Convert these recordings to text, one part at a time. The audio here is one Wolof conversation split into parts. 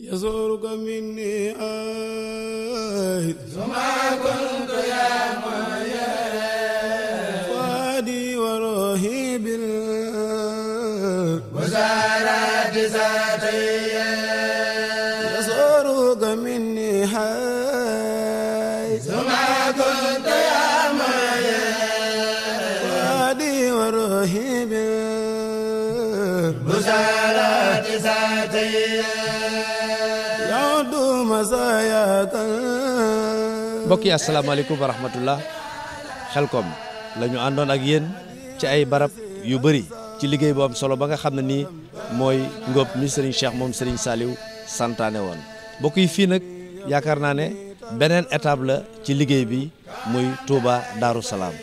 يزورك مني آه mbokk yi asalaamaaleykum wa xel xelkom la àndoon ak yéen ci ay barab yu bëri ci liggéey boom solo ba nga xam ne nii mooy ngóob mi Serigne Cheikh moom sëriñ Saliou santaane woon mbokk yi fii nag yaakaar naa ne beneen étape la ci liggéey bi muy Touba Darou Salaam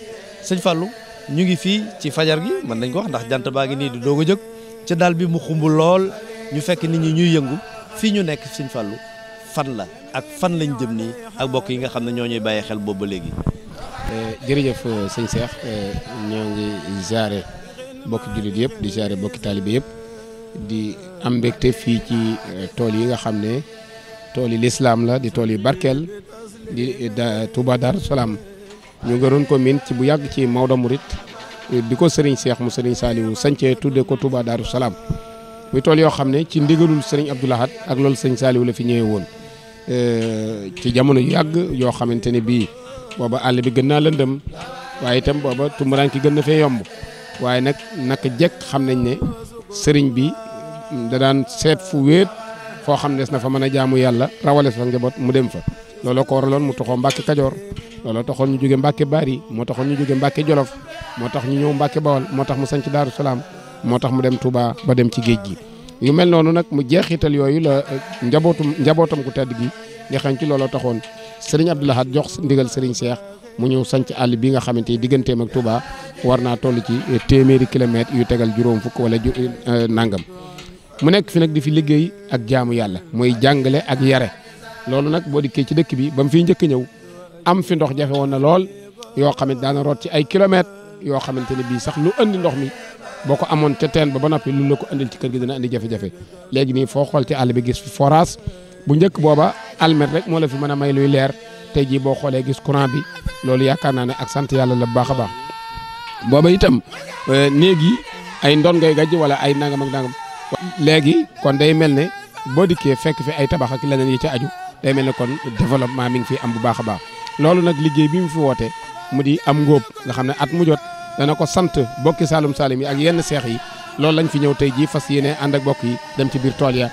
sëñ Fallou ñu ngi fii ci fajar gi mën nañ ko wax ndax jant baa ngi nii di doog a jóg ci daal bi mu xumb lool ñu fekk nit ñi ñuy yëngu fii ñu nekk sëñ fallu fan la ak fan lañ jëm nii ak mbokk yi nga xam ne ñoo ñuy bàyyi xel boobu ba léegi. Eh, jërëjëf eh, sëñ Cheikh eh, ñoo ngi jaare bokki jullit yëpp di jaare bokki taalibe yëpp di am mbégte fii ci tool yi nga xam ne tool yi lislaam la di tool yi barkeel di Touba Darou Salaam ñu gëroon ko min bu yàgg ci Maodo Mouride di ko Serigne Cheikh mu Serigne Saliou sancee tuddee ko Touba Darou Salaam muy tool yoo xam ne ci ndigalul Serigne Abdoul Ahad ak loolu Serigne Saliou la fi ñëwee woon. Euh, ci jamono yàgg yoo xamante ne bii booba àll bi gën naa lëndëm waaye itam booba tumbaraan ki gën na fee yomb waaye nag naka jekk xam nañ ne sëriñ bi da daan seet fu wéet foo xam ne des na fa mën a jaamu yàlla rawale fa njaboot mu dem fa looloo ko waraloon mu toxoo Mbàkke Kajoor looloo toxoon ñu jóge Mbàkke Bari moo taxoon ñu jóge Mbàkke Jolof moo tax ñu ñëw Mbàkke Bawol moo tax mu sañc Daaru Salaam moo tax mu dem Touba ba dem ci géej gi yu mel noonu nag mu jeexital yooyu la euh, njabootum njabootam ku tedd gi di xañ ci looloo taxoon sëriñ Abdou Lahad jox ndigal sëriñ Cheikh mu ñëw sanc àll bi nga xamante ni digganteem ak Touba war naa toll ci euh, téeméeri kilomètres yu tegal juróom fukk wala euh, nangam mu nekk fi nag di fi liggéey ak jaamu yàlla mooy jàngale ak yare loolu nag boo dikkee ci dëkk bi ba mu fii njëkk ñëw am fi ndox jafe woon na lool yoo xamante daana root ci ay kilomètres yoo xamante ne bii sax lu andi ndox mi boo ko amoon ca teen ba ba noppi lu la ko andil ci kër gi dina andi jafe-jafe léegi nii foo xool ci àll bi gis forage bu njëkk booba almet rek moo la fi mën a may luy leer tey jii boo xoolee gis courant bi loolu yaakaar naa ne ak sant yàlla la bu baax a baax booba itam euh, néeg ay ndon ngay gàjj wala ay nangam ak nangam léegi kon day mel ne boo dikkee fekk fi ay tabax ak leneen yi ca aju day mel ne kon développement mi ngi fi am bu baax a baax loolu nag liggéey bi mu fi woote mu di am ngóob nga xam ne at mu jot dana ko sant bokki Saalum Saalum yi ak yenn seex yi loolu lañ fi ñëw tey jii fas ne ànd ak bokk yi dem ci biir tool ya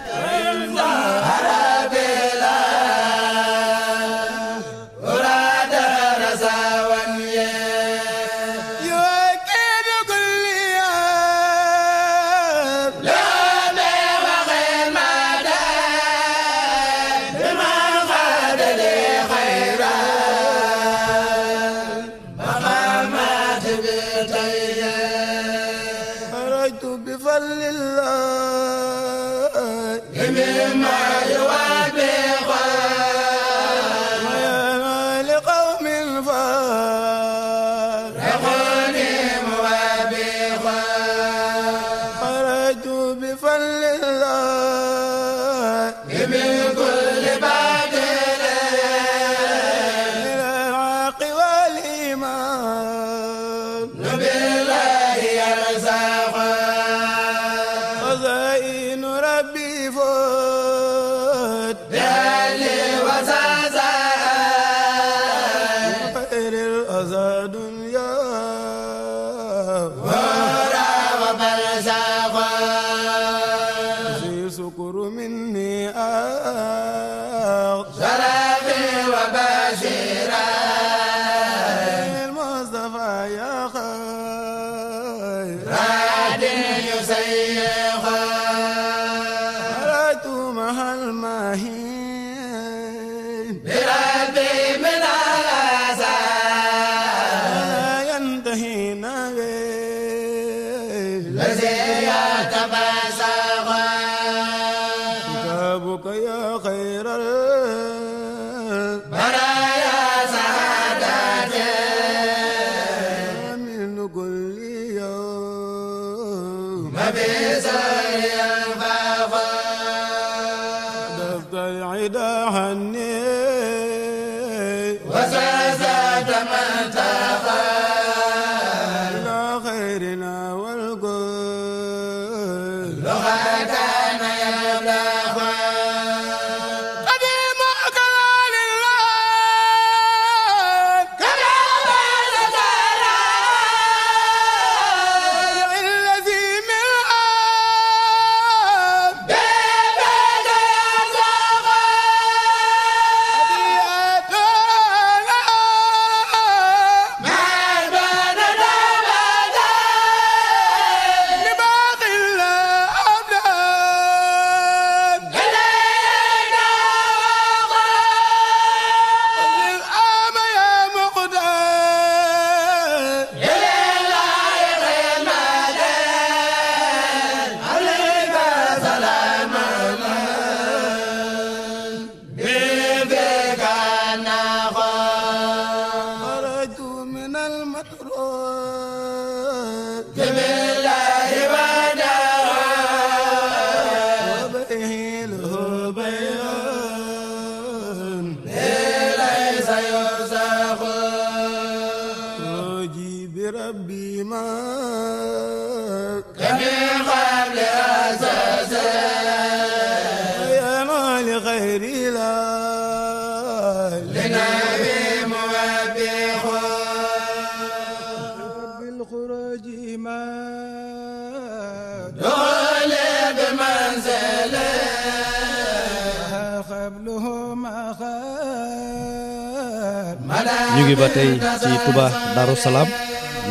ñu ngi ba tey ci Touba Darou Salaam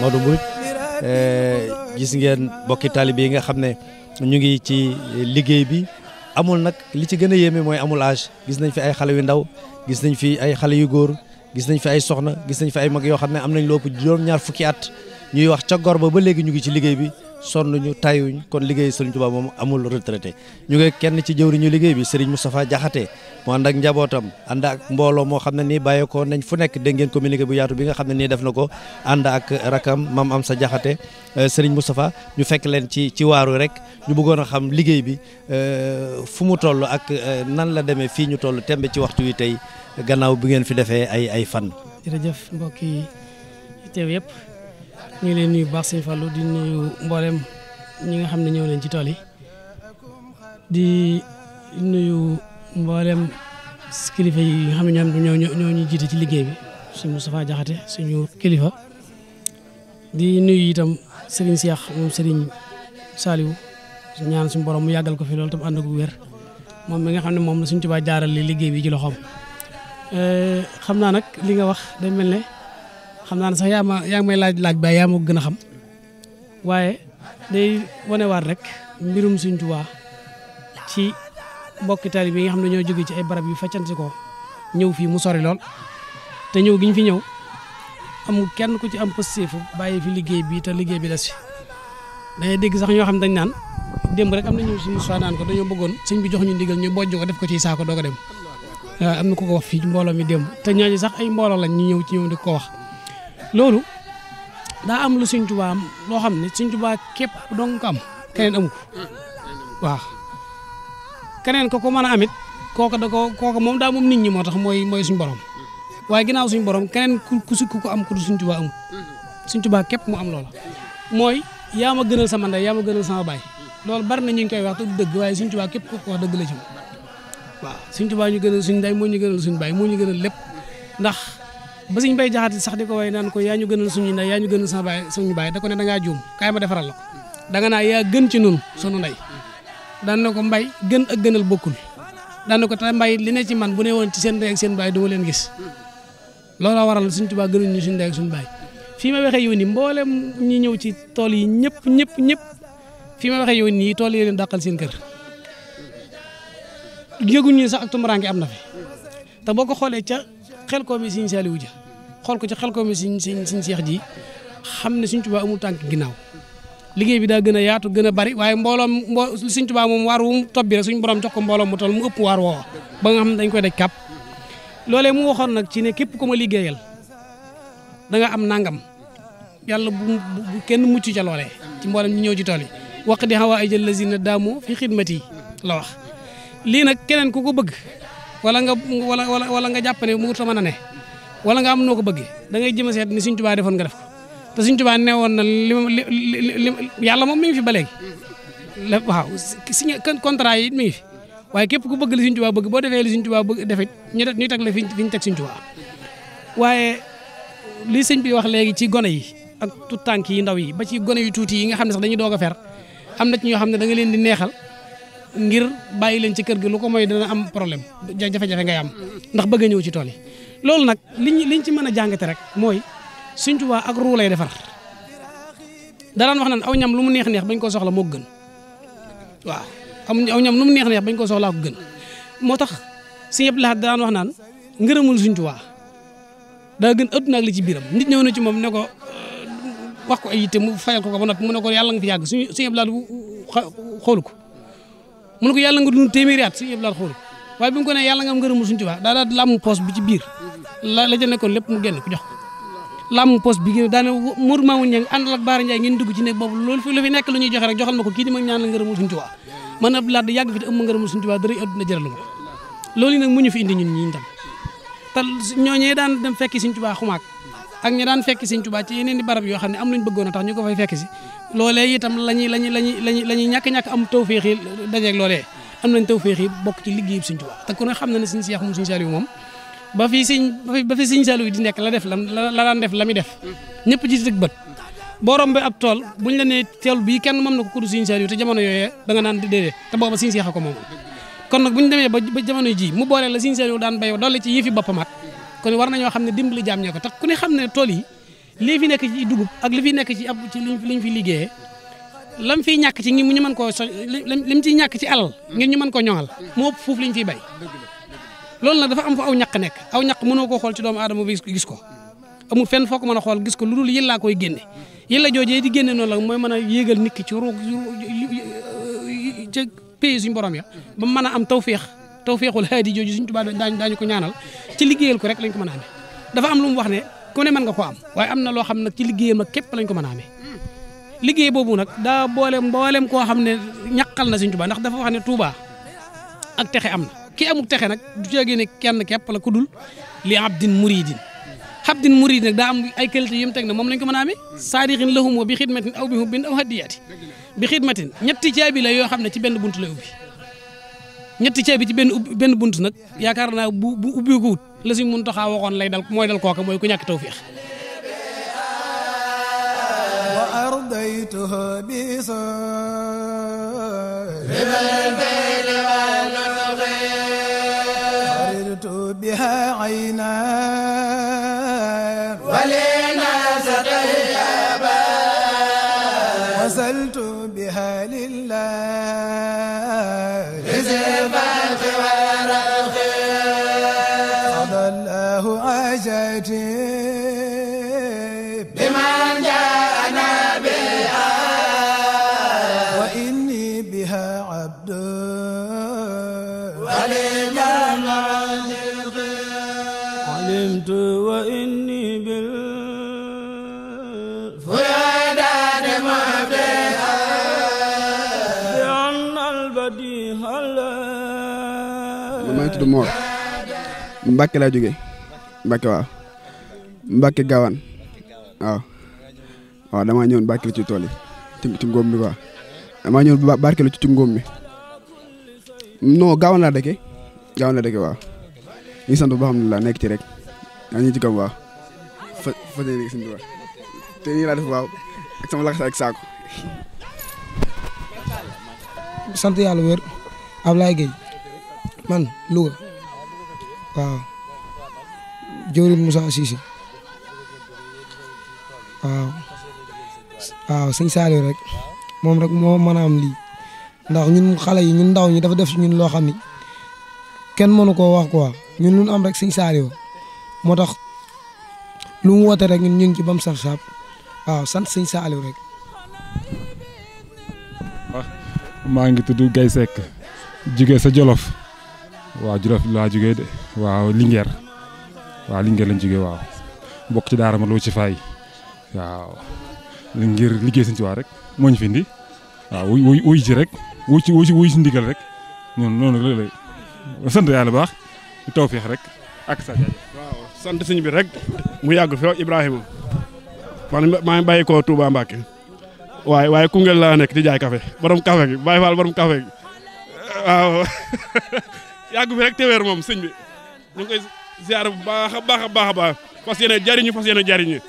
Modou Mbodj eh, gis ngeen bokki taalibe yi nga xam ne ñu ngi ci liggéey bi amul nag li ci gën a yéeme mooy amul âge gis nañ fi ay xale yu ndaw gis nañ fi ay xale yu góor gis nañ fi ay soxna gis nañ fi ay mag yoo xam ne am nañ lu ëpp juróom ñaar fukki at ñuy wax ca gor ba ba léegi ñu ngi ci liggéey bi ñu tayuñ kon liggéey Sëriñ Tuubaa moom amul retraité ñu ngi kenn ci jëw ñu liggéey bi Sëriñ Moustapha Jaxate mu ànd ak njabootam ànd ak mbooloo moo xam ne nii bàyyeekoo nañ fu nekk dégg ngeen bu yaatu bi nga xam ne nii na ko ànd ak rakam maam am sa Jaxate euh, Sëriñ Moustapha ñu fekk leen ci ci waaru rek ñu bëggoon a xam liggéey bi euh, fu mu toll ak euh, nan la demee fii ñu toll tembe ci waxtu wi tey gannaaw bi ngeen fi defee ay ay fan jërëjëf mbokk teew yëpp ñu ngi leen nuyu baax sëñ Fallou di nuyu mbooleem ñi nga xam ne ñëw nañ ci tool yi di nuyu mboolem kilifa yi nga xam ne ñoom ñoo ñu jiite ci liggéey bi suñ Moustapha Diakhaté suñu kilifa di nuyu itam Serigne Cheikh moom Serigne Saliou ñaan suñu borom mu yàggal ko fi loolu tam ànd ak wér moom mi nga xam ne moom suñ suñu tubaab jaarale liggéey bi ci loxoom eh, xam naa nag li nga wax day ne xam naa ne sax yaa ma yaa ngi may laaj laaj ba yaa ma gën a xam waaye day wanewaat rek mbirum Sëñ Tuubaa ci mbokki taalibe yi nga xam ne ñoo jóge ci ay barab yu faccanti ko fii mu sori lool te ñëw gi ñu fi ñëw amul kenn ku ci am positif bàyyi fi liggéey bi te liggéey bi des fi dañuy dégg sax ñoo xam dañ naan démb rek na ñëw suñu soi naan bi jox ñu ndigal ñu bojj ko def ko ci saako doog a dem waaw wax fii ci mbooloo mi démb te ñooñu sax ay mbooloo lañ ñu ñëw ci ñëw di ko wax loolu daa am lu Sëñ Tuubaa am loo xam ne Sëñ Tuubaa képp dong ko am keneen amu waaw keneen ko ko mën a amit kooka da ko kooka moom daa moom nit ñi moo tax mooy mooy suñu borom waaye ginnaaw suñu borom keneen ku sukk ko am ku du Sëñ Tuubaa amul Sëñ mu am loola mooy yaa ma gënal sama ndey yaa ma gënal sama baay loolu bari na ñu koy wax te dëgg waaye Sëñ Tuubaa képp ku ko wax dëgg la ci waaw Sëñ Tuubaa ñu gën suñu ndey moo ñu gënal suñu baay moo ñu gën a lépp ndax ba suñ bay jaxati sax di ko way naan ko yaa ñu gënal suñu ndey yaa ñu gënal sama baay suñu baay da la ko naa yaa gën ci nun suñu ndey daan na ko mbay gën a gënal bokkul daan na ko te mbay li ne ci man bu ne woon ci seen ndey ak seen baay du ma leen gis looloo waral suñ tubaa gënuñu suñu ndey ak suñu baay fii ma wexee yow nii mboolem ñu ñëw ci tool yi ñëpp ñëpp ñëpp fii ma waxee yow nii tool yi leen daqal seen kër yëguñu sax ak tumuraange am na fi te boo ko xoolee ca xel koom yi Sëriñ Saliou ja xool ko ci xel koom yi Sëriñ Sëriñ Sëriñ Seex ji xam ne Sëriñ Tuubaa amul tànk ginnaaw liggéey bi daa gën a yaatu gën a bari waaye mbooloom mbo Sëriñ Tuubaa moom waar wu bi rek suñu borom ko mbooloom mu toll mu ëpp waar woowa ba nga xam dañ koy daj kàpp loolee mu waxoon nag ci ne képp ku ma liggéeyal da am nangam yàlla bu bu kenn mucc ca loolee ci mboolem ñu ñëw ci tool yi waq di xawaa ay jël lazina daamu fi xidmati la lii nag keneen ku ko bëgg wala nga wala wala nga jàpp ne mu ngi mën ne wala nga am noo ko bëggee da ngay jëm a seet ni Sëriñ Tuubaa defoon nga def te Sëriñ Tuubaa ne woon na li li yàlla moom mi ngi fi ba léegi la waaw signé contrat yi mi ngi fi waaye képp ku bëgg li Sëriñ Tuubaa bëgg boo defee li Sëriñ Tuubaa bëgg defit ñu ñu teg la fi ñu teg Sëriñ Tuubaa waaye li sëñ bi wax léegi ci gone yi ak tout tànk yi ndaw yi ba ci gone yu tuuti yi nga xam ne sax dañuy doog a fer am na ci ñoo xam ne da nga leen di neexal ngir bàyyi leen ci kër gi lu ko mooy dana am problème jafe-jafe ngay am ndax bëgg a ñëw ci tool yi loolu nag liñ liñ ci mën a jàngate rek mooy Sëñ Tuubaa ak ruu lay defar danaan wax naan aw ñam lu mu neex neex bañ koo soxla moo gën waaw amuñ aw ñam lu mu neex neex bañ koo soxlaa ko gën moo tax Sëñ Abdul Ahad danaan wax naan ngërëmul Sëñ Tuubaa daa gën ëtt naag li ci biiram nit ñëw na ci moom ne ko wax ko ay mu fayal ko ko ba noppi mu ne ko yàlla nga fi yàgg suñu Sëñ Abdul Ahad xoolu ko mu ne ko yàlla nga dund téeméeri at si yëpp laat xool waaye bi mu ko ne yàlla nga am ngërëmu suñu Tuubaa daa daa làmm poos bi ci biir la la ca nekkoon lépp mu génn ko jox làmm poos bi génn daane mor maamu ñang àndal ak Baara Ndiaye ngeen dugg ci nekk boobu loolu fi lu fi nekk lu ñuy joxe rek joxal ma ko kii di ma ñaan la ngërëmu suñu Tuubaa man ab laat yàgg fi te ëmb ngërëmu suñu Tuubaa dara adduna jëralu ma ko loolu nag mu ñu fi indi ñun ñi tam te ñooñee daan dem fekki suñu Tuubaa xumaak ak ñi daan fekki suñu Tuubaa ci yeneen i barab yoo xam ne am luñ bëggoon a tax ñu ko fay fekk si loolee itam lañuy lañuy lañuy lañuy la ñuy ñàkk-ñàkk am tawféex yi dajeeg loolee am nañ tawféex yi bokk ci liggéey bi Sëñ Tuubaa te ku ne xam na ne Sëñ Seex moom Sëñ Saaliw moom ba fi sëñ ba fi sëñ nekk la def la la daan def la muy def ñëpp ci dëgg bët boo rombee ab tool buñ la nee tool bii kenn moom na ko kudu jamono yooyee da nga naan dee te booba sëñ Seex a ko moom kon nag buñ demee ba jamono mu boole la sëñ Saaliw daan béyoo dolli ci yëfi boppamaat kon war nañoo xam ne dimbali jaam ñee ko tax ku ne xam ne tool yi lii fi nekk ci dugub ak li fi nekk ci ab ci liñ fi liggéeyee lan fiy ñàkk ci ngi ñu mën koo so lim ciy ñàkk ci alal ngir ñu mën ko ñoŋal moo ëpp fuuf liñ fiy bay loolu nag dafa am fa aw ñaq nekk aw ñaq mënoo ko xool ci doomu aadama bi gis ko amul fenn foo ko mën a xool gis ko lu dul yëllaa koy génne yëlla joojee di génne noonu la mooy mën a yéegal nit ki ci ruug ca pays suñu borom ya ba mën a am tawféex tawféexul haadi jooju suñ tubaab daañu ko ñaanal ci liggéeyal ko rek lañ ko mën a amee dafa am lu mu wax ne ku ne mën nga ko am waaye am na loo xam nag ci liggéeyam nag képp lañ ko ma a amee liggéey boobu nag daa boole mboolem koo xam ne ñaqal na Sëñ Tuubaa ndax dafa wax ne Tuubaa ak texe am na ki amuk texe nag du ceegee ne kenn képp la ku dul li abdin muridin abdin murid nag daa am ay qualité yu mu teg ne moom lañ ko mën a amee saadixin lahumoo bi xidmatin aw bi hubbin aw hadiyaati bi xidmatin ñetti caabi la yoo xam ne ci benn bunt la ubbi ñetti ceeb bi ci benn bunt nag yaakaar naa ubbi ko wut la suñ lay dal mooy dal kooka mooy ku ñàkk tawfiix wa ardaytuhu bi sa لله Mor la laa jógee Mbacke waaw Mbacke Gawane waaw waaw damaa ñëwoon barkeelu ci tool yi ci ci ngóob mi quoi damaa ñëwoon ci ci ngóob mi non Gawane laa dëkkee Gawane laa dëkkee waaw ñu ngi sant bu baax nekk ci rek ñu ngi ci kaw waaw fa fa yéene si waaw te nii laa def waaw ak sama lakas ak saako. sant yàlla wér man Louga waaw jëwriñ Moussa Cissé waaw waaw sëñ rek moom rek moo mën a am lii ndax ñun xale yi ñun ndaw ñi dafa def si ñun loo xam ni kenn mënu koo wax quoi ñun lu am rek sëñ Saliou moo tax lu mu woote rek ñun ñu ngi ci bam saf saf waaw sant sëñ Saliou rek. maa ngi tudd Gaye Seck jugee sa Jolof. waaw Jolof laa jógee de waaw Linguère waaw Linguère lañ jógee waaw bokk ci daara ma loo ci fay waaw ngir liggéey sëñ Tuubaa rek moo fi indi waaw wuy wuy ci rek wuy ci wuy ci wuy ci ndigal rek noonu noonu la lay sant yàlla baax tawfeex rek ak sa waaw sant sëñ bi rek mu yàgg fi Ibrahima man maa ngi bàyyi ko Touba Mbacke waaye waaye Koungheul laa nekk di jaay café borom café gi Baye Fall borom café gi waaw yàgg fi rek téwéer moom sëñ bi ñu koy ziar bu baax a baax a baax a baax fas yéene jariñu fas yéene jariñu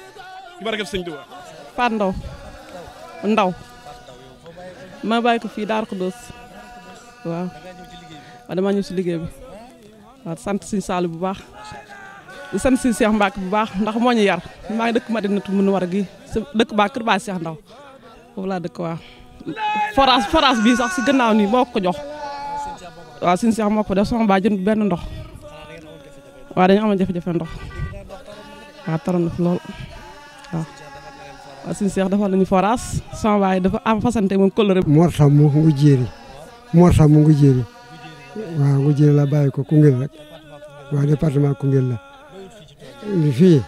ci barkeb sëñ Tuubaa Faat Ndaw Ndaw ma bàyyi ko fii Daaru Xudoos waaw waaw damaa ñëw si liggéey bi waaw sant sëñ Saalu bu baax di sant bu baax ndax moo ñu yar maa ngi dëkk Madinatul Munawwara gi dëkk baa kër baa Seex Ndaw foofu laa dëkk waaw forage forage bii sax si gannaaw nii moo ko jox waa suñu seex moo ko def sama baa jënd benn ndox waaw dañu amoon jafe-jafe ndox waaw taroon na fi lool waaw. waaw suñu seex defal nañu baa dafa am fasante moom kóllëre. Mor Samb mu ngi jéeri mu Samb mu ngi jéeri waaw ngu jéeri la bàyyi ko Koungheul rek waaw département Koungheul la fii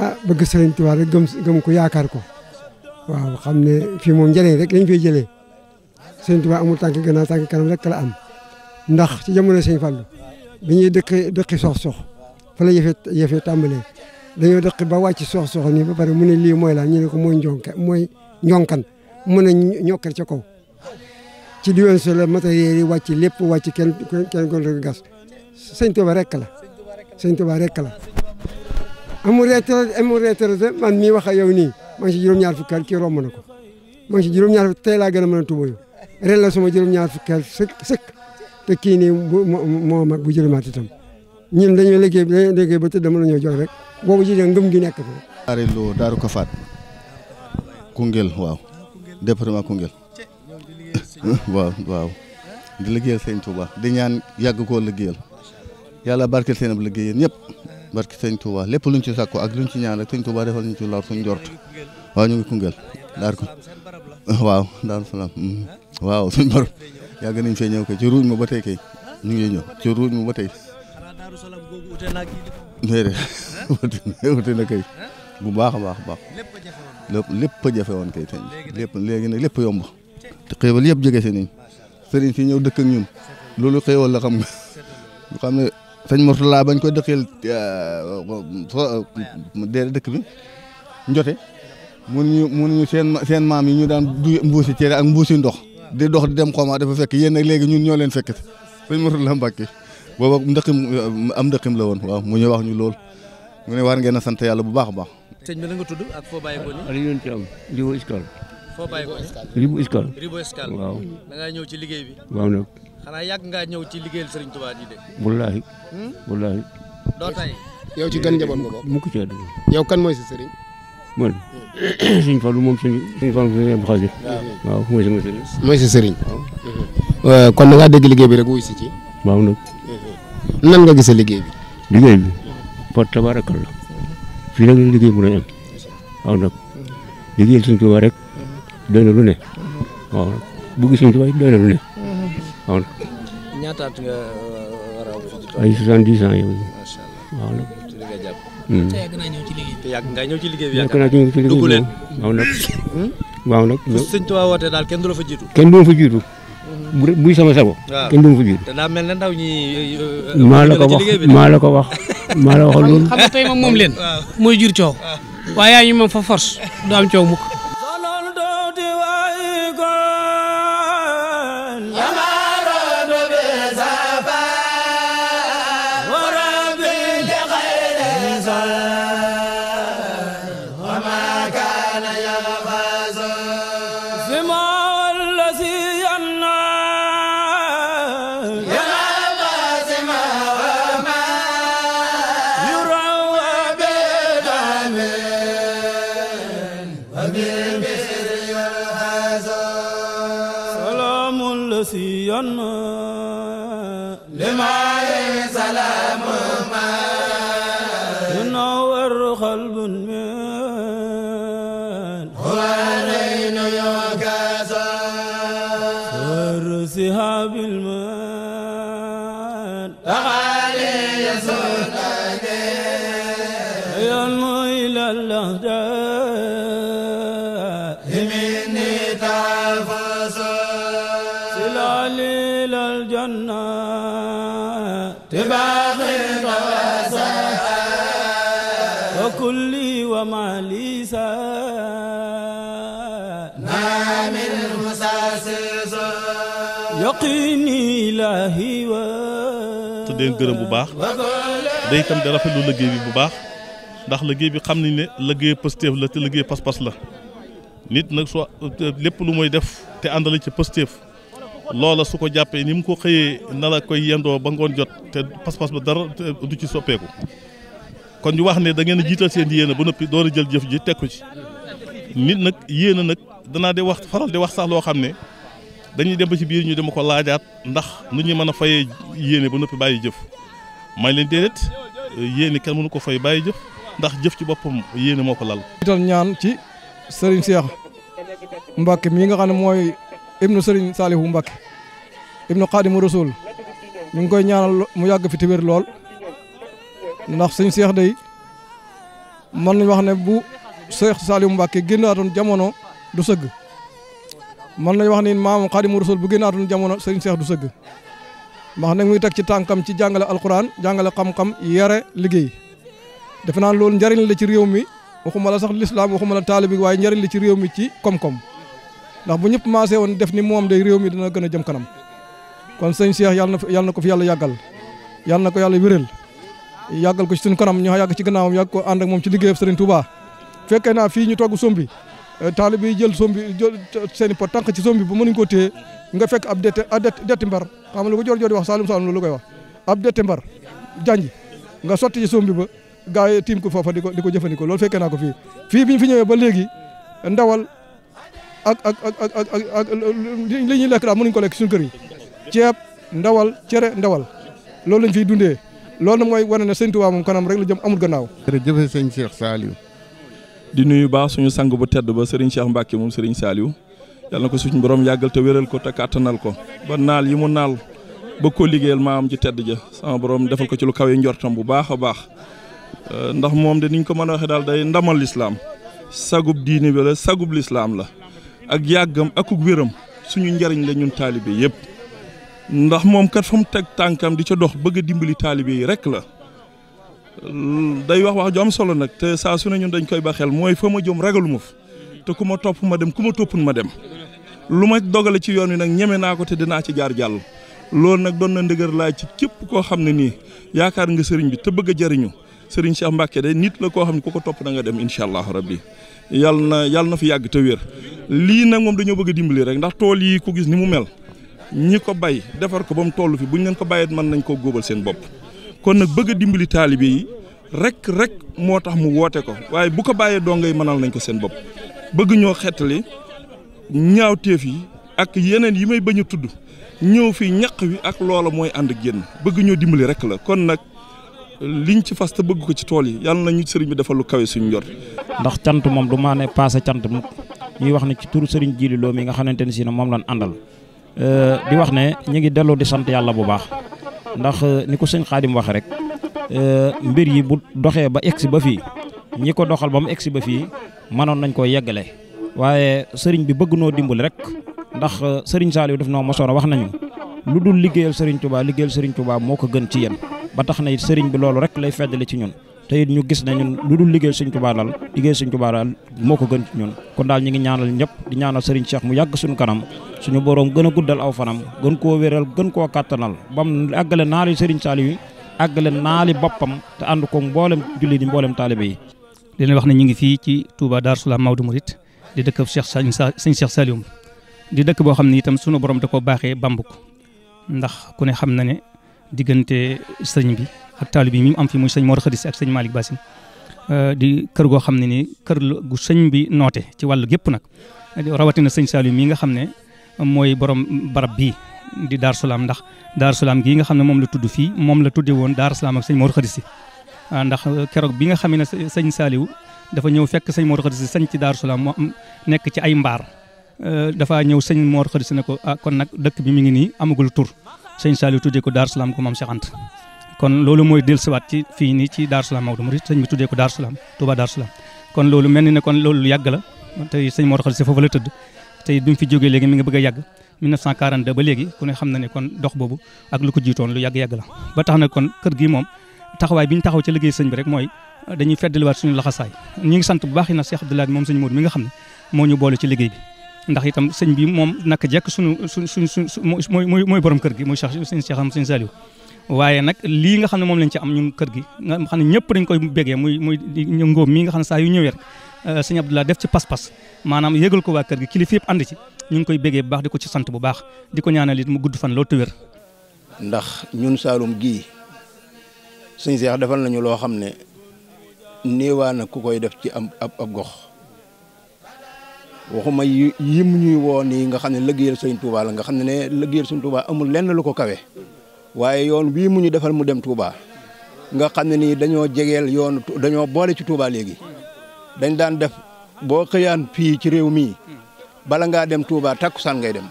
ah bëgg Sëriñ Tuubaa gëm gëm ko yaakaar ko waaw xam ne fii moom njëriñ rek dañ fay jëlee Sëriñ Tuubaa amul tànk gannaaw tànk kanam rek la am. ndax ci jamono Sëñ Fallu bi ñuy dëkk dëkki sox sox fa la yëfe yëfe tàmbalee dañoo dëkk ba wàcc sox sox nii ba pare mu ne lii mooy lan ñu ne ko mooy njonke mooy njonkan mu ne ñokkal ca ci diwen so la matériel yi wàcc lépp wàcc kenn kenn gon gas Sëñ Tuuba rekk la Sëñ Tuuba rekk la amul retraite amul retraite man mii wax ak yow nii maa ci juróom-ñaar fukki at kii romb ko maa ngi ci juróom-ñaar tey laa gën a a tuuba ren la sama juróom-ñaar fukki at sëkk sëkk te kii nii moo mag bu jëlmaat itam ñun dañoo liggéey dañoo liggéey ba tëdd mënuñoo jox rek boobu ji de gi nekk fa. Daara Lo Daaru Kafaat Koungheul waaw Koungheul waaw waaw di liggéeyal sëñ Touba di ñaan yàgg koo liggéeyal yàlla barkeel seen ab liggéey yéen ñëpp barke sëñ Touba lépp luñ ci sàkku ak luñ ci ñaan rek sëñ Touba ñu ci lor suñ jort waaw ñu yàgg nañ fee ñëw kay ci ruuj ma ba tey kay ñu ngi ñëw ci ruuj ma ba tey. wute na kay bu baax a baax a baax lépp jafe woon kay tey lépp léegi nag lépp yomb te xéewal yëpp jege si nañ sëriñ fi ñëw dëkk ak ñun loolu xéewal la xam nga xam ne sëñ Mourtala bañ koy dëkkeel euh, dee dëkk bi njote mënuñu mënuñu seen maam yi ñu daan du mbuusi cere ak mbuusi ndox di dox di dem xoomaa dafa fekk yéen nag léegi ñun ñoo leen fekk sëñ Mourtalla Mbacke booba ndëqim am ndëqim la woon waaw mu ñu wax ñu lool mu ne war ngeen a sant yàlla bu baax a baax. sëñ bi na nga tudd ak foo bàyyi ko nii. Alioune Thiam Ribo Escale. foo bàyyi ko nii Ribo Escale. Ribo ñëw ci liggéey bi. waaw xanaa yàgg ngaa ñëw ci liggéeyal Serigne Touba di de. wallaahi. Hmm? wallaahi. doo tay yow ci kan njaboot nga bokk. mukk ci àdduna. yow kan mooy si Serigne. man sëñ Fallou moom sëñ sëñ Fallou bu Xaadir si mooy sama sëriñ mooy sa sëriñ waaw euh, kon da ngaa dégg liggéey bi rek wuy si ci waaw nag mm-hmm. nan nga gisee liggéey bi liggéey bi fa tabarakallah nag la liggéey bu nañ am waaw nag liggéeyal sëñ Tuubaa rek doy na lu ne waaw bëgg sëñ Tuubaa doy na lu ne mm-hmm. waaw euh, ay soixante-dix ans yow waaw Hmm. te yàgg naa ñëw ci liggéey bi. te yàgg ngaa ñëw ci liggéey bi yàgg naa ñëw ci liggéey bi dugg leen. waaw nag waaw nag. fu hmm? sëñ Tuubaa wootee daal kenn du la fa jiitu. la fa jiitu. Hmm. buy sama sago. kenn du ma fa jiitu. te la ko wax maa la ko wax maa la wax loolu. xam nga tey moom moom leen. mooy jur coow. waaye yaa ñu fa force du am coow mukk يا إلى الله leen gërëm bu baax day itam da rafetlu liggéey bi bu baax ndax liggéey bi xam nañ ne liggéey pëstéef la te liggéey pas la nit nag soo lépp lu mooy def te àndale ci pëstéef loola su ko jàppee ni mu ko xëyee na la koy yendoo ba ngoon jot te pas-pas ba dara du ci soppeeku kon ñu wax ne da ngeen a jiital seen yéene ba noppi door jël jëf ji tekku ci nit nag yéene nag danaa de wax faral di wax sax loo xam ne dañuy dem ci biir ñu dem ko laajaat ndax nu ñuy mën a fayee yéene ba noppi bàyyi jëf may leen déedéet yéene kenn mënu ko fay bàyyi jëf ndax jëf ci boppam yéene moo ko lal. ital ñaan ci sëriñ Cheikh Mbacke mii nga xam ne mooy ibnu Serigne Salihu Mbacke ibnu Xaadimu Rasul ñu ngi koy ñaanal mu yàgg fi te wér lool ndax Serigne Cheikh day mën nañu wax ne bu Cheikh Salihu Mbacke génnaatoon jamono du sëgg. man lañ wax ni maam Xaadimu Rasuul bu génnaatoon jamono sëriñ Seex du sëgg ndax nag muy teg ci tànkam ci jàngale alquran jàngale xam-xam yare liggéey defe naa loolu njëriñ la ci réew mi waxuma la sax lislaam waxuma la taalibi waaye njëriñ la ci réew mi ci koom-koom ndax bu ñëpp maasee woon def ni moom day réew mi dina gën a jëm kanam kon sëñ Seex yàlla na yàlla na ko fi yàlla yàggal yàlla na ko yàlla wéral yàggal ko ci suñu kanam ñu ci gannaawam yàgg ko ànd ak moom ci liggéeyam Sëriñ Tuubaa fekkee naa fii ñu togg sombi Euh, taalibe yi jël sombi jël seen i pot tànk ci sombi bu mënuñ ko téye nga fekk ab dette a detti mbar xam lu ko jor jor di wax Saalum Saalum loolu koy wax ab dette mbar janj nga sotti ci sombi ba gars yi tiim ko foofa di ko di ko jëfandikoo loolu fekkee naa ko fii fii biñ fi ñëwee ba léegi ndawal ak ak ak ak ak li ñuy lekk daal mënuñ ko lekk suñu kër yi ceeb ndawal cere ndawal loolu lañ fiy dundee loolu nag mooy wane na sëñ Tuubaa moom kanam rek la jëm amul gannaaw jërëjëf sëñ Cheikh Saliou di nuyu baax suñu sang bu tedd ba Serigne Cheikh Mbacke moom Serigne Saliou yàlla na ko suñu borom yàggal te wéral ko te kàttanal ko ba naal yi mu naal ba ko liggéeyal maam ci tedd ja sama borom defal ko ci lu kawe njortam bu baax a baax euh, ndax moom de niñ ko mën a waxee daal day ndamal lislaam sagub diini bi la sagub lislaam la ak yàggam akuk wéram suñu njariñ la ñun taalibe yëpp ndax moom kat fa mu teg tànkam di ca dox bëgg a dimbali taalibe yi rek la. Mm, day wax wax joom solo nag te saa su ne ñun dañ koy baxeel mooy fa ma jëm ragaluma fa te ku ma topp ma dem ku ma toppun ma dem lu ma dogale ci yoon wi nag ñeme naa ko te ci jaar jàll. loolu nag doon na ndëgër laa ci képp koo xam ne nii yaakaar nga sëriñ bi te bëgg a jariñu sëriñ Mbacke de nit la koo xam ne ku ko topp na nga dem incha allahu rabbi yàlla na yàlla na fi yàgg te wér. lii nag moom dañoo bëgg dimbali rek ndax tool yi ku gis ni mu mel ñi ko bay defar ko ba mu toll fi buñ leen ko bàyyee mën nañ koo góobal seen bopp. kon nag bëgg dimbali taalibe yi rek rek moo tax mu woote ko waaye bu ko bàyyee dongo yi mënal nañ ko seen bopp bëgg ñoo xettali ñaaw téef yi ak yeneen yi may bañ a tudd ñëw fii ñaq wi ak loola mooy ànd ak génn bëgg ñoo dimbali rek la kon nag liñ ci fas te bëgg ko ci tool yi yàlla na ñu sëriñ bi defal lu kawe suñu njort. ndax cant moom du maa ne passé cant mu ñuy wax ne ci turu sëriñ Jili Lo mi nga xamante ne si ne moom lañ àndal euh, di wax ne ñu ngi delloo di sant yàlla bu baax. ndax euh, ni ko sëñ xaadim wax rek euh, mbir yi bu doxee ba egsi ba fii ñi ko doxal ba mu egsi ba fii mënoon nañ koo yeggale waaye sëriñ bi bëgg noo dimbali rek ndax euh, sëriñ Saliou daf noo mosoon wax nañu lu dul liggéeyal sëriñ tubaa liggéeyal sëriñ Touba moo ko gën ci yéen ba tax na it sëriñ bi loolu rek lay feddali ci ñun te it ñu gis ne ñun lu dul liggéey suñ Tuubaa daal liggéey Sëñ Tuubaa moo ko gën ci ñun kon daal ñu ngi ñaanal ñëpp di ñaanal Serigne Cheikh mu yàgg suñu kanam suñu boroom gëna guddal aw fanam gën koo wéral gën koo kàttanal bam àggale naali Serigne Saliou yi àggale naali boppam te ànd ko mboolem julli di mboolem taalibe yi di leen wax ne ñu ngi fii ci Touba Darou Salam mu Mouride di dëkk Cheikh Sëñ Cheikh Saliou di dëkk boo xam ne itam suñu borom da koo baaxee bambuk ndax ku ne xam na ne diggante sëriñ bi ak taalibe mi am fi muy sëñ Mor Xadis ak sëñ Malick Basine euh, di kër goo xam ne nii kër gu sëñ bi noote ci wàllu gépp nag rawatina sëñ Saliou mii nga xam ne mooy borom barab bii di Darou Salaam ndax Darou Salaam gii nga xam ne moom la tudd fii moom la tudde woon Darou Salaam ak sëñ Mor Xadis ah, ndax keroog bi nga xam ne sëñ Saliou dafa ñëw fekk sëñ Mor Xadis sañ ci Darou Salaam moo nekk ci ay mbaar euh, dafa ñëw sëñ Mor Xadis ne ko ah, kon nag dëkk bi mi ngi nii amagul tur sëñ Saliou tuddee ko Darou Salaam ko moom Cheikh kon loolu mooy dellusiwaat ci fii nii ci Darou Salaam Maodo Mouride sëñ bi tuddee ko Darou Salaam Touba kon loolu mel ni ne kon loolu yàgg la te sëñ moo Khary la tëdd tey bi mu fi jógee léegi mi ngi bëgg a yàgg 1942 ba léegi ku ne xam na ne kon dox boobu ak lu ko jiitoon lu yàgg-yàgg la ba tax na kon kër gi moom taxawaay bi ñu taxaw ci liggéey sëñ bi rek mooy dañuy feddaliwaat suñu laxasaay ñu ngi sant bu baax yi nag Cheikh Abdoulaye moom sëñ Modou mi nga xam ne moo ñu boole ci liggéey bi itam sëñ bi moom naka jekk suñu suñ suñ suñ mooy mooy borom kër gi mooy Cheikh sëñ Cheikh am waaye nag lii nga xam ne moom lañ ci am ñun kër gi nga xam ne ñëpp dañ koy béggee muy muy ñu ngóob mii nga xam ne saa yu ñëwee rek euh, sëñ Abdoulaye def ci pas-pas maanaam yëgal ko waa kër gi kilifa yëpp ànd ci ñu ngi koy bégee bu baax di ko ci sant bu baax di ko ñaanalit mu gudd fan loolu te ndax ñun Saalum gii sëñ Seex defal nañu loo xam ne néewaa na ku koy def ci am ab gox waxuma yim ñuy woo nii nga xam ne lëggéeyal sëñ Touba la nga xam ne ne lëggéeyal sëñ Touba amul lenn lu ko kawe waaye yoon wii mu ñu defal mu dem Touba nga xam ne nii dañoo jegeel yoon dañoo boole ci Touba léegi dañ daan def boo xëyaan fii ci réew mii bala ngaa dem Touba takkusaan ngay dem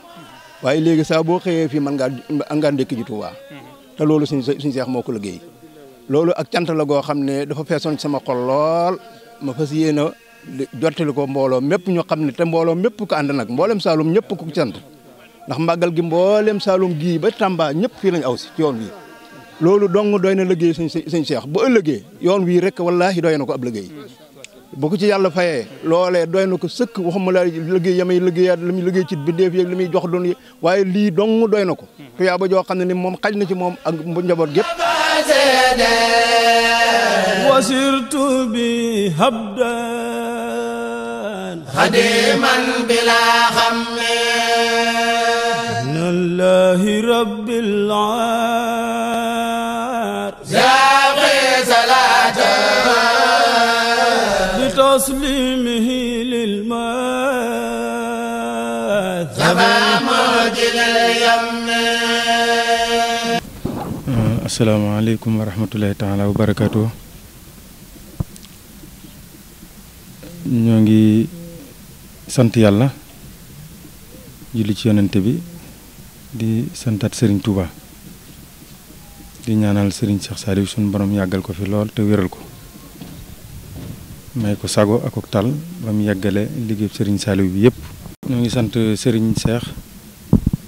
waaye léegi sax boo xëyee fii man ngaa ngaa ndékki ji Touba mm-hmm. loolu suñ suñ seex moo ko liggéey loolu ak cant la goo xam ne dafa feesoon sama xol lool ma fas yéene jottali ko mbooloo mépp ñu xam ne te mbooloo mépp ku ànd nag mboolem Saalum ñëpp ku cant ndax mbaggal gi mboolem Saalum gii ba Tamba ñëpp fii lañ aw yoon wi loolu dong doy na liggéey sëñ sëñ Cheikh bu ëllëgee yoon wii rek wallaahi doy na ko ab liggéey bu ko ci yàlla fayee loole doy na ko sëkk waxuma la liggéey yamay liggéeyaat li muy liggéey ci bindeef yeeg li muy jox doon waaye lii dong doy na ko tuyaa ba joo xam ne ni moom xaj na ci moom ak njaboot gépp wasirtu bi habdan xadiman bila xam لله رب العار زاغي صلاة بتسليمه للماء زمام وجل اليمن asalaamaaleykum wa rahmatullahi taala wa barakaatu ñoo ngi sant yàlla julli ci yonente bi di santaat sëriñ Touba di ñaanal Serigne Cheikh Saliou suñu borom yàggal ko fi lool te wéral ko may ko sago ak ak tal ba mu yàggalee liggéey sëriñ Saliou bi yëpp. ñoo ngi sant sëriñ seex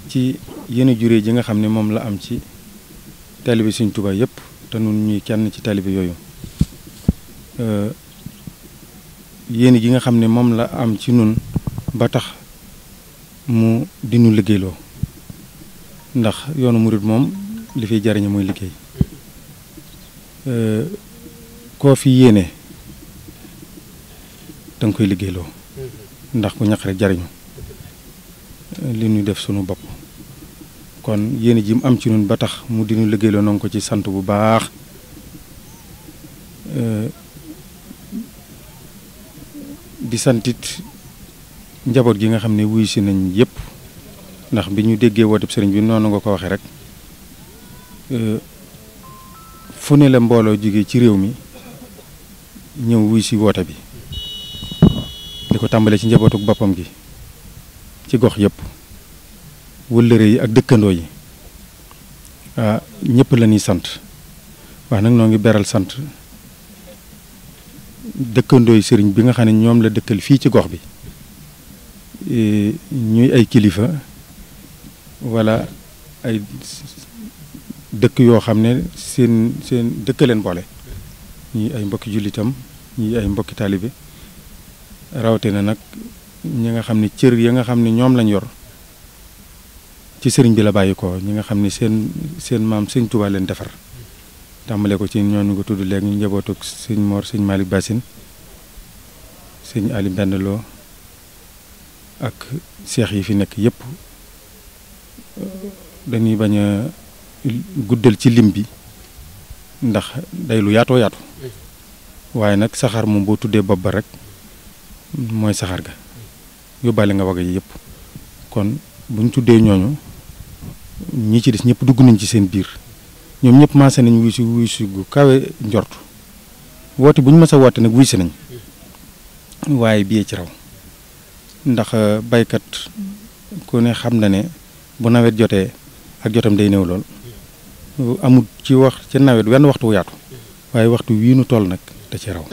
ci yenn juré ji nga xam ne moom la am ci taalibe Serigne Touba yëpp te nu ñuy kenn ci taalibe yooyu euh, yéen gi nga xam ne moom la am ci nun ba tax mu dinu liggéeyloo ndax yoonu murit moom li fiy jariñu muy liggéey euh, koo fi yéene da nga koy liggéeyloo ndax ku ñaq rek jariñu li ñuy def sunu bopp kon yéene ji am ci nun ba tax mu di ñu liggéeyloo noo ngi ko ci sant bu baax euh, di santit njaboot gi nga xam ne wuyu si nañ yëpp ndax bi ñu déggee wooteb sëriñ bi noonu nga ko waxee rek euh, fu ne la mbooloo jóge ci réew mi ñëw wuy si woote bi li ko tàmbalee ci njabootuk boppam gi ci gox yëpp wëllëre yi ak dëkkandoo yi ñépp ah, ñëpp la ñuy sant wax nag noo ngi beral sant dëkkandoo yi sëriñ bi nga xam ne ñoom la dëkkal fii ci gox bi eh, ñuy ay kilifa wala ay dëkk yoo xam ne seen seen dëkk leen boole ñii ay mbokki jullitam ñii ay mbokki taalibe rawate na nag ñi nga xam ne cër ya nga xam ne ñoom lañ yor ci sëriñ bi la bàyyi ko ñi nga xam ne seen seen maam sëñ Tuubaa leen defar tàmbale ko ci ñooñu ko tudd léegi ñu njabootug sëñ Mor sëñ Malick Bassine sëñ Ali Mbendloo ak seex yi fi nekk yëpp dañuy bañ guddal ci lim bi ndax day lu yaatoo yaatu waaye nag saxaar moom boo tuddee bopp ba rek mooy saxaar ga yóbbaale nga wagg yi yëpp kon buñ tuddee ñooñu ñi ci des ñëpp dugg nañ ci seen biir ñoom ñëpp maase nañ wuy si wuy si gu kawe njort woote bu ñu mës a woote nag wuy si nañ waaye biyee ci raw ndax baykat ku ne xam na ne bu nawet jotee ak jotam day néew lool amul ci wax ci nawet wenn waxtu wu waaye waxtu wii nu nag da ci raw